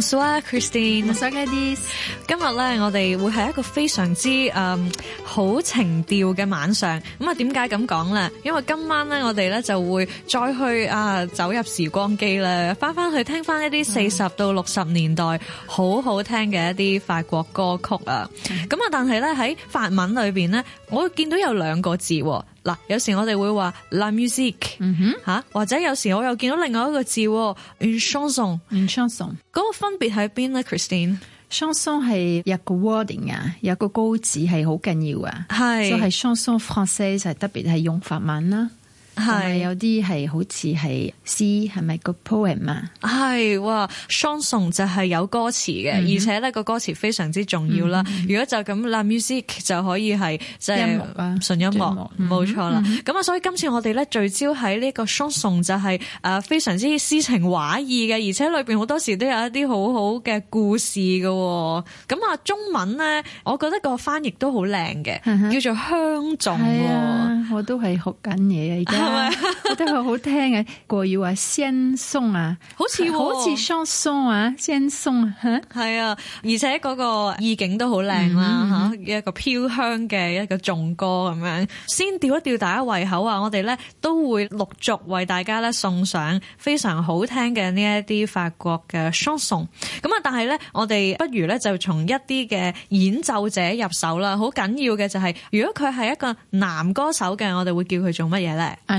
Swan Christine，今日咧我哋會係一個非常之誒。好情調嘅晚上，咁啊，點解咁講咧？因為今晚咧，我哋咧就會再去啊走入時光機啦，翻翻去聽翻一啲四十到六十年代好好聽嘅一啲法國歌曲啊！咁啊、嗯，但係咧喺法文裏邊咧，我見到有兩個字，嗱，有時我哋會話 la musique，吓，或者有時我又見到另外一個字 en chanson，en chanson，嗰個分別喺邊咧，Christine？雙鬆係一個 wording 啊，一個歌詞係好緊要啊，是所以係雙鬆法式就係特別係用法文啦、啊。係是有啲係好似係詩，係咪個 poem 啊？係哇，chanson 就係有歌詞嘅，mm hmm. 而且咧個歌詞非常之重要啦。Mm hmm. 如果就咁，la musique 就可以係即係純音樂、啊，冇錯樂啦。咁啊、mm，hmm. 所以今次我哋咧聚焦喺呢個 chanson 就係誒非常之詩情畫意嘅，而且裏邊好多時都有一啲好好嘅故事嘅、哦。咁啊，中文咧，我覺得個翻譯都好靚嘅，mm hmm. 叫做香頌、mm。Hmm. 啊。我都係學緊嘢啊，而家。覺得佢好聽啊！過要話香頌啊，好似好似香頌啊，香頌啊，係啊，而且嗰個意境都好靚啦吓，一個飄香嘅一個頌歌咁樣，先吊一吊大家胃口啊！我哋咧都會陸續為大家咧送上非常好聽嘅呢一啲法國嘅香頌。咁啊，但係咧，我哋不如咧就從一啲嘅演奏者入手啦。好緊要嘅就係，如果佢係一個男歌手嘅，我哋會叫佢做乜嘢咧？啊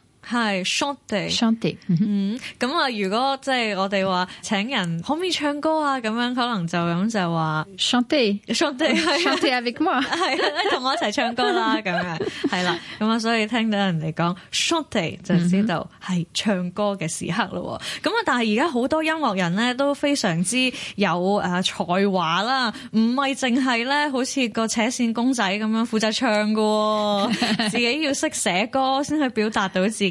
係 shorty，shorty，嗯咁啊，嗯、如果即係、就是、我哋話請人可唔可以唱歌啊？咁樣可能就咁就話 shorty，shorty，shorty，come on 係，嚟，同我一齊唱歌啦、啊！咁 樣係啦，咁啊，所以聽到人哋講 shorty 就知道係唱歌嘅時刻咯。咁啊、嗯哼，但係而家好多音樂人咧都非常之有誒才華啦，唔係淨係咧好似個扯線公仔咁樣負責唱噶，自己要識寫歌先去表達到自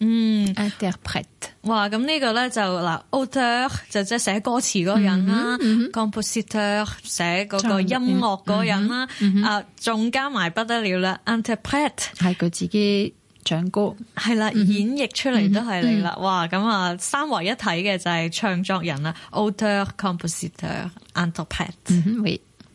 嗯，interpreter，哇，咁呢個咧就嗱，author 就即係寫歌詞嗰個人啦，composer 寫嗰個音樂嗰個人啦，啊，仲加埋不得了啦，interpreter 係佢自己唱歌，係啦，演繹出嚟都係你啦，哇，咁啊，三位一體嘅就係唱作人啦，author，composer，interpreter。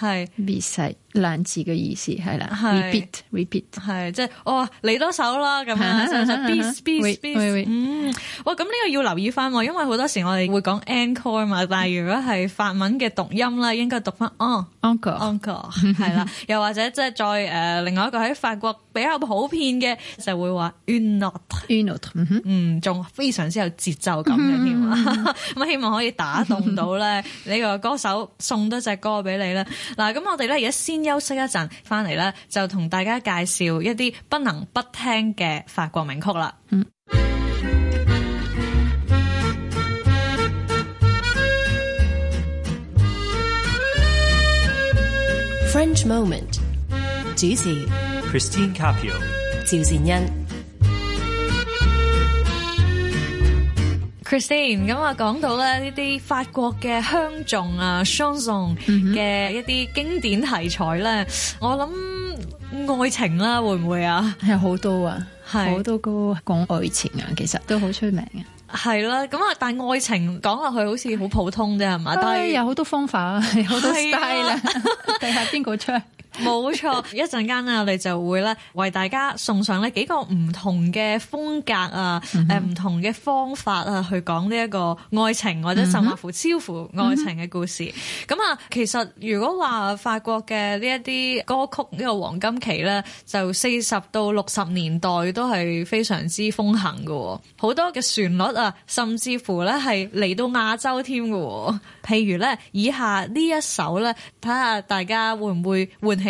係 b e 兩字嘅意思係啦是，repeat repeat，係即係哦嚟多首啦咁樣 r e b e a t b e b e a t 哇咁呢個要留意翻，因為好多時我哋會講 encore 嘛，core，但係如果係法文嘅讀音啦， 應該讀翻 encore encore，係啦，又或者即係再誒另外一個喺法國比較普遍嘅就會話 you not o u not，嗯仲、嗯、非常之有節奏感嘅添啊，咁 希望可以打動到咧你個歌手送多隻歌俾你啦。嗱，咁我哋咧而家先休息一陣，翻嚟咧就同大家介紹一啲不能不聽嘅法國名曲啦。嗯。French Moment 主持 Christine Capio，趙善恩。Christine，咁啊講到咧呢啲法國嘅香頌啊，Chanson 嘅一啲經典題材咧，mm hmm. 我諗愛情啦，會唔會啊？有好多啊，好多歌講愛情啊，其實都好出名啊。係啦，咁啊，但愛情講落去好似好普通啫，係嘛？哎，但係有好多方法啊，好多 style 啊，睇下邊個出。冇錯，一陣間啊， 我哋就會咧為大家送上咧幾個唔同嘅風格啊，誒唔、mm hmm. 同嘅方法啊，去講呢一個愛情，或者甚至乎超乎愛情嘅故事。咁啊、mm，hmm. 其實如果話法國嘅呢一啲歌曲呢、這個黃金期咧，就四十到六十年代都係非常之風行嘅，好多嘅旋律啊，甚至乎咧係嚟到亞洲添嘅。譬如咧以下呢一首咧，睇下大家會唔會喚起？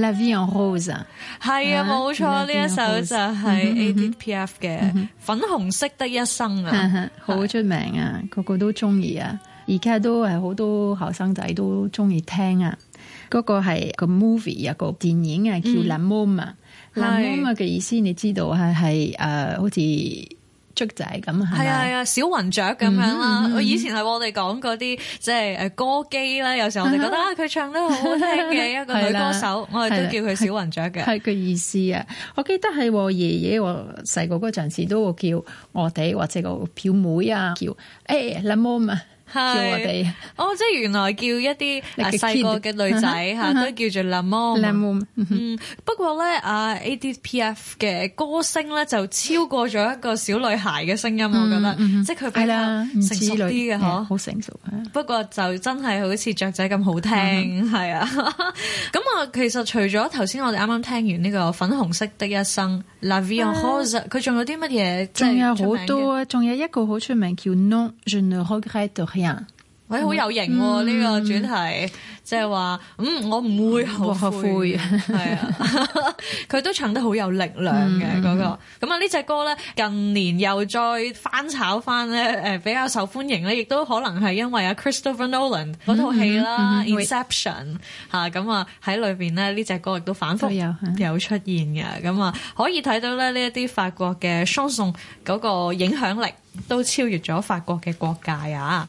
La vie en rose》啊，係啊冇錯，呢、啊、一首就係 ADPF 嘅粉紅色的一生啊，好出、嗯、名啊，個是個都中意啊，而家都係好多後生仔都中意聽啊，嗰個係個 movie 有個電影啊，影啊嗯、叫 La《是 La Moma 藍 Moma》嘅意思你知道係係誒好似。仔咁係啊，小雲雀咁樣啦。以前係我哋講嗰啲，即係誒歌姬啦。有時候我哋覺得 啊，佢唱得好好聽嘅一個女歌手， 我哋都叫佢小雲雀嘅。係個意思啊。我記得係我爺爺我細個嗰陣時都會叫我哋或者個表妹啊叫誒，hey, 係哦，即係原來叫一啲細個嘅女仔吓，都叫做 La Môme。嗯，不過咧，啊，ADPF 嘅歌聲咧就超過咗一個小女孩嘅聲音，我覺得，即係佢比較成熟啲嘅嗬。好成熟，不過就真係好似雀仔咁好聽，係啊。咁啊，其實除咗頭先我哋啱啱聽完呢個粉紅色的一生，La Vie en Rose，佢仲有啲乜嘢？仲有好多，啊，仲有一個好出名叫《Non，je ne regrette rien 喂，好有型喎！呢個主題即係話，嗯，我唔會後悔，係啊。佢都唱得好有力量嘅嗰個咁啊。呢隻歌咧，近年又再翻炒翻咧，誒，比較受歡迎咧，亦都可能係因為啊 Christopher Nolan 嗰套戲啦，《Inception》吓咁啊。喺裏邊呢，呢隻歌亦都反覆有出現嘅咁啊。可以睇到咧，呢一啲法國嘅雙頌嗰個影響力都超越咗法國嘅國界啊。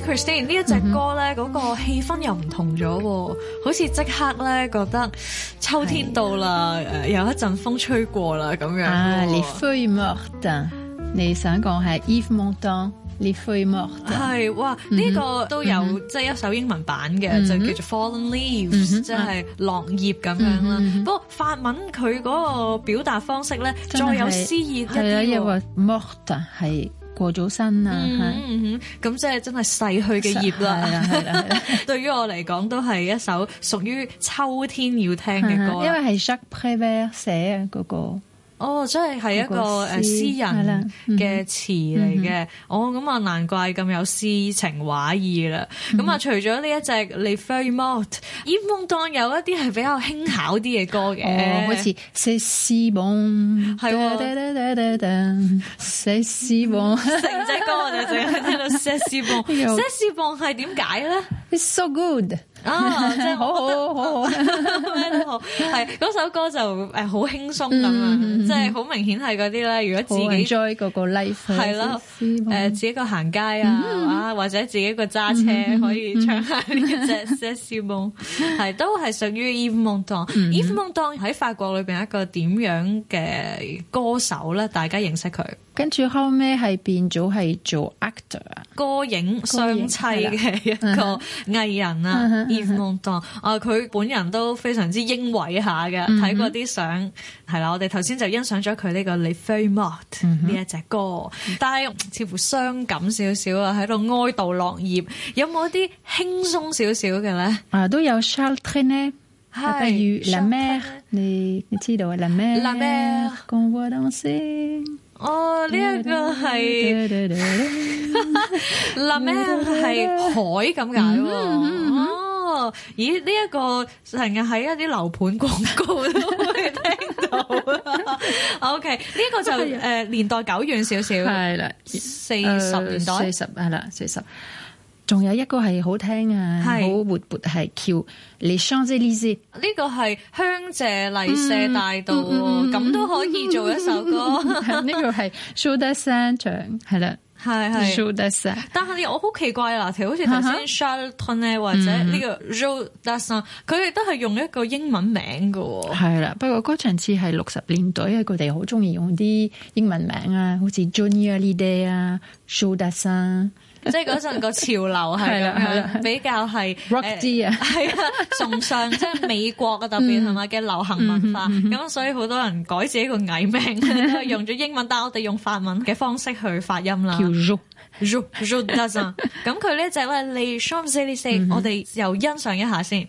Christian 呢一隻歌咧，嗰個氣氛又唔同咗，好似即刻咧覺得秋天到啦，有一陣風吹過啦咁樣。啊，你想講係 Eve Montan，你飛莫特係哇？呢個都有即係一首英文版嘅，就叫做 Fallen Leaves，即係落葉咁樣啦。不過法文佢嗰個表達方式咧，再有詩意一系。過咗身啊，咁、嗯、是即係真係逝去嘅葉實錯啦。錯對於我嚟講，都係一首屬於秋天要聽嘅歌錯。因為係 Jacques Prévert 寫啊嗰個。哦，真係係一個誒詩人嘅詞嚟嘅，嗯、哦咁啊，難怪咁有詩情畫意啦。咁啊、嗯，除咗呢一隻《Leave Remote》，even 當有一啲係比較輕巧啲嘅歌嘅，哦，好似《Say Si Bong》係喎，Say Si Bong 成隻歌我就淨係喺度 Say Si Bong Say Si Bong 係點解咧？It's so good 啊，真係好好好好，咩都好，係嗰首歌就誒好輕鬆咁啊，即係好明顯係嗰啲咧，如果自己 joy 個 life，係咯，誒自己個行街啊，或者自己個揸車可以唱下呢隻《Eveon》係都係屬於 Yves Montand Yves Montand 喺法國裏邊一個點樣嘅歌手咧，大家認識佢？跟住後尾係變咗係做 actor，歌影雙棲嘅一個藝人啊，Yves Montand 啊，佢本人都非常之英偉下嘅，睇過啲相係啦。我哋頭先就欣賞咗佢呢個《Les feuilles mortes》呢一隻歌，但係似乎傷感少少啊，喺度哀悼落葉。有冇啲輕鬆少少嘅咧？啊，都有。Charles Trenet 呢？係。La Mer 你你知道，la mer 哦，呢一個係、哦，嗱咩係海咁解喎？哦，咦，呢、呢個、一個成日喺一啲樓盤廣告都會聽到 OK，呢個就誒的、呃、年代久遠少少，係啦的，四十年代，四十係啦，四十。仲有一個係好聽啊，好是活潑，係叫《Les Champs-Élysées》呢個係香榭麗舍大道，咁都可以做一首歌。呢個係 Joe Dassin 唱，係啦，係係 Joe Dassin。的的但係我好奇怪，嗱，好似頭先 s 啲像、uh huh, t o n 或者呢、這個 Joe Dassin，佢哋都係用一個英文名嘅、啊。係啦，不過嗰陣時係六十年代，佢哋好中意用啲英文名啊，好似 Johnny Hallyday 啊，《Joe Dassin 即係嗰陣個潮流係咯，比較係 rock 啲啊，係啊，崇尚即係美國啊，特別係咪嘅流行文化，咁所以好多人改自己個藝名，用咗英文，但係我哋用法文嘅方式去發音啦。叫 Rudas，咁佢咧就係喂，你，s h o u t t 我哋又欣賞一下先。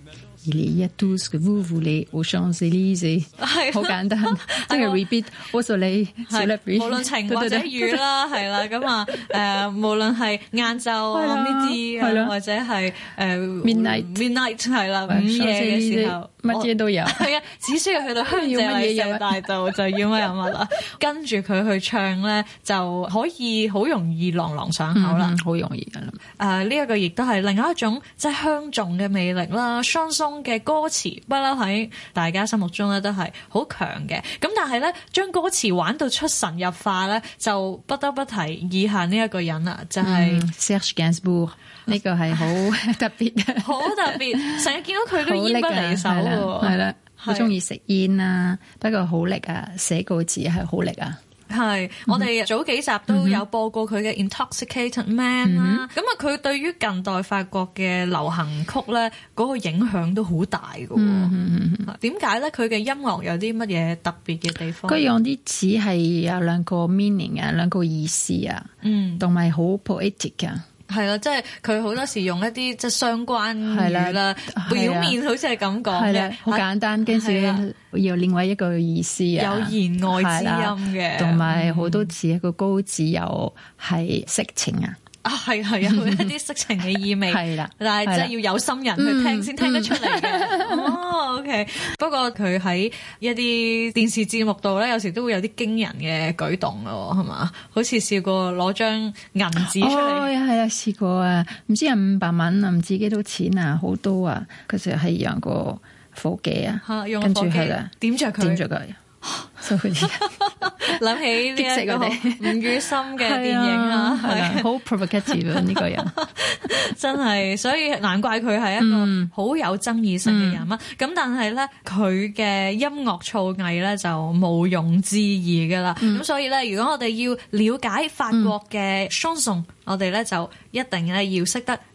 而你一吐好簡單，即係 repeat。無論晴或者雨啦，係啦，咁啊，誒，無論係晏晝呢啲，或者係誒 midnight，midnight 係啦，午夜嘅時候，乜嘢都有，係啊，只需要去到香江，乜嘢有，但就就要乜有乜啦，跟住佢去唱咧，就可以好容易朗朗上口啦，好容易噶啦。誒，呢一個亦都係另外一種即係香頌嘅魅力啦，香頌。嘅歌詞不嬲喺大家心目中咧都係好強嘅，咁但係咧將歌詞玩到出神入化咧，就不得不提以下呢一個人啦，就係、是、Serge Gainsbourg，呢個係 好特別、好特別，成日見到佢都煙不離手，係啦，好中意食煙啦，不過好力啊，寫個字係好力啊。係，是嗯、哼我哋早幾集都有播過佢嘅 Intoxicated Man 啦。咁啊、嗯哼，佢對於近代法國嘅流行曲咧，嗰、那個影響都好大㗎、喔。點解咧？佢嘅音樂有啲乜嘢特別嘅地方？佢用啲詞係有兩個 meaning 啊，兩個意思啊，同埋好 poetic 啊。係啦，即係佢好多時用一啲即係相關係啦，表的面好似係咁講嘅，好簡單，的跟住要另外一個意思啊，有言外之音嘅，同埋好多字一個高字又係色情啊。啊，係係啊，一啲色情嘅意味， 的但係真係要有心人去聽先聽得出嚟、 嗯嗯、 哦，OK。不過佢喺一啲電視節目度咧，有時都會有啲驚人嘅舉動咯，係嘛？好似試過攞張銀紙出嚟，係啊、哦，試過啊，唔知係五百蚊啊，唔知幾多錢啊，好多啊，佢就係用個火機啊，吓，用火機，點著佢，點著佢。就諗 起啲好唔於心嘅電影啦，係 啊，好 provocative 呢個人，真係，所以難怪佢係一個好有爭議性嘅人啊。咁、嗯嗯、但係咧，佢嘅音樂造詣咧就毋庸置疑噶啦。咁、嗯、所以咧，如果我哋要了解法國嘅 chanson，我哋咧就一定咧要識得。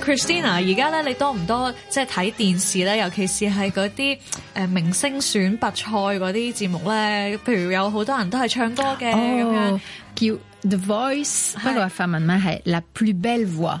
Christina，而家咧你多唔多即係睇電視咧？尤其是係嗰啲誒明星選拔賽嗰啲節目咧，譬如有好多人都係唱歌嘅，咁、oh, 樣叫 The Voice。不過法文名係 La plus belle voix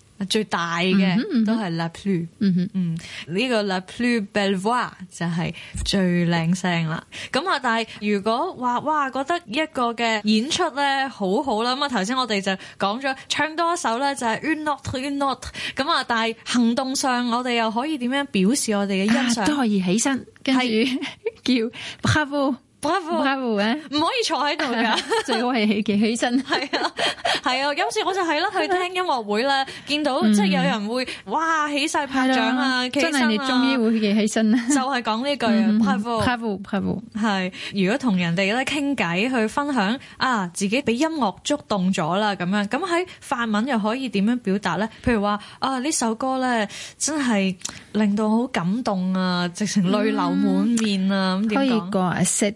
最大嘅都係 la plus，嗯 嗯，呢、這個 la plus belle voix 就係、是、最靚聲啦。咁啊，但係如果話哇，覺得一個嘅演出咧好好啦，咁啊頭先我哋就講咗唱多一首咧就係 une autre, une autre。咁啊，但係行動上我哋又可以點樣表示我哋嘅欣賞？都可以起身跟住是 叫 Bravo。Bravo. 拍扶咧，唔可以坐喺度噶，最好係起企起身。係啊，係啊，有時我就係啦，去聽音樂會咧，見到即係有人會哇起晒拍掌啊，起身啊。其實你終於會企起身啦！就係講呢句拍扶，拍扶，拍扶。係如果同人哋咧傾偈去分享啊，自己俾音樂觸動咗啦，咁樣咁喺法文又可以點樣表達咧？譬如話啊，呢首歌咧真係令到好感動啊，直情淚流滿面啊，咁點講？可以講，I said。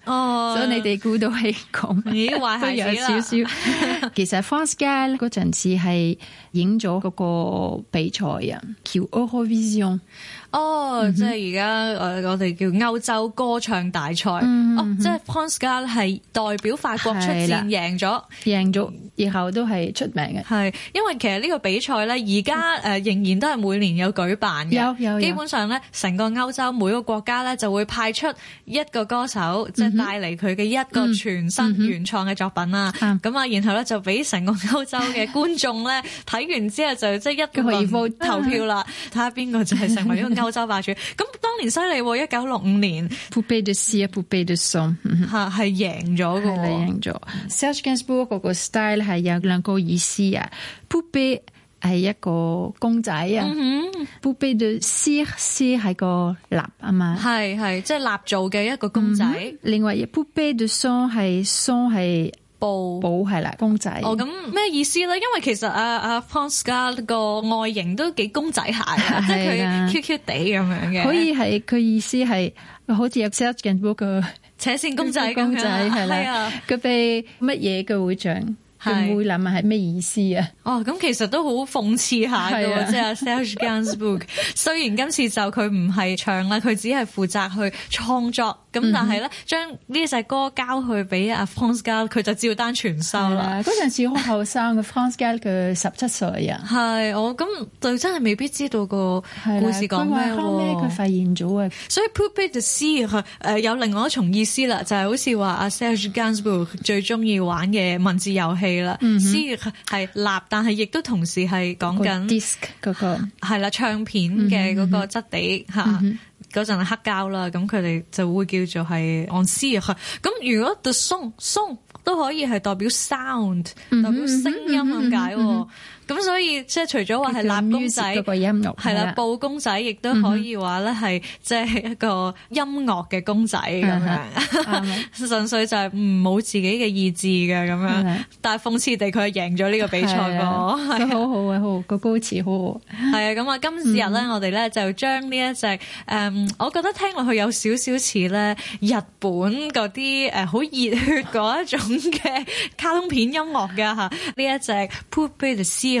哦，所以你哋估到係咁，係有少少。其實 France Gal 嗰陣時係影咗個比賽啊，叫 Eurovision。哦，即係而家誒，我哋叫歐洲歌唱大賽。哦，即係 France Gal 係代表法國出戰，贏咗，贏咗，以後都係出名嘅。係，因為其實呢個比賽咧，而家誒仍然都係每年有舉辦嘅。有有基本上咧，成個歐洲每個國家咧就會派出一個歌手。帶嚟佢嘅一個全新原創嘅作品啦，咁啊、嗯，嗯嗯、然後咧就俾成個歐洲嘅觀眾咧睇完之後就即係一個投票啦，睇下邊個就係成為一個歐洲霸主。咁當年犀利喎，一九六五年，Poupée de cire 啊，Poupée de son 嚇係贏咗嘅喎。Serge Gainsbourg 嗰個 style 係有兩個意思啊。係一個公仔啊、mm，Poupée de cire 係個立啊嘛，係係即係立做嘅一個公仔。Like、that, 另外一 Poupée de son 係雙係布，寶係啦，公仔、ah, right? kind of kind of。哦咁咩意思咧？因為其實阿阿 Pons k a 個外形都幾公仔下，即係佢 Q Q 地咁樣嘅。可以係佢意思係好似阿 Cheshire 個扯線公仔咁樣係啦。佢鼻乜嘢佢會長？係唔會諗下係咩意思啊？哦，咁其實都好諷刺下嘅。啊、即係阿 Serge Gainsbourg 雖然今次就佢唔係唱啦，佢只係負責去創作。咁但係咧，將呢、嗯、哼首歌交去俾阿 France Gall，佢就照單全收啦。嗰陣時好後生嘅 France Gall，佢十七歲啊。係我咁就真係未必知道個故事講咩咯。佢、啊、發現咗啊，所以 Poupée de cire 就知佢有另外一種意思啦，就係、是、好似話阿 Serge Gainsbourg 最中意玩嘅文字遊戲。係啦，絲係蠟，但係亦都同時係講緊嗰個係啦，唱片嘅嗰個質地吓，嗰陣，mm hmm. 黑膠啦，咁佢哋就會叫做係 on s i 咁如果 the song song 都可以係代表 sound，代表聲音咁解。Mm hmm. mm hmm. mm hmm. 咁、嗯、所以即係除咗話係男公仔，係啦，的布公仔亦都可以話咧，係即係一個音樂嘅公仔咁、嗯、哼這樣，純 粹就係唔冇自己嘅意志嘅咁樣。嗯、哼但係諷刺地，佢係贏咗呢個比賽噶，佢的的好的好嘅，好個歌詞好。係啊，咁啊， 今次日咧，我哋咧就將呢一隻誒，我覺得聽落去有少少似咧日本嗰啲誒好熱血一種嘅卡通片音樂嘅吓，呢一隻 p u l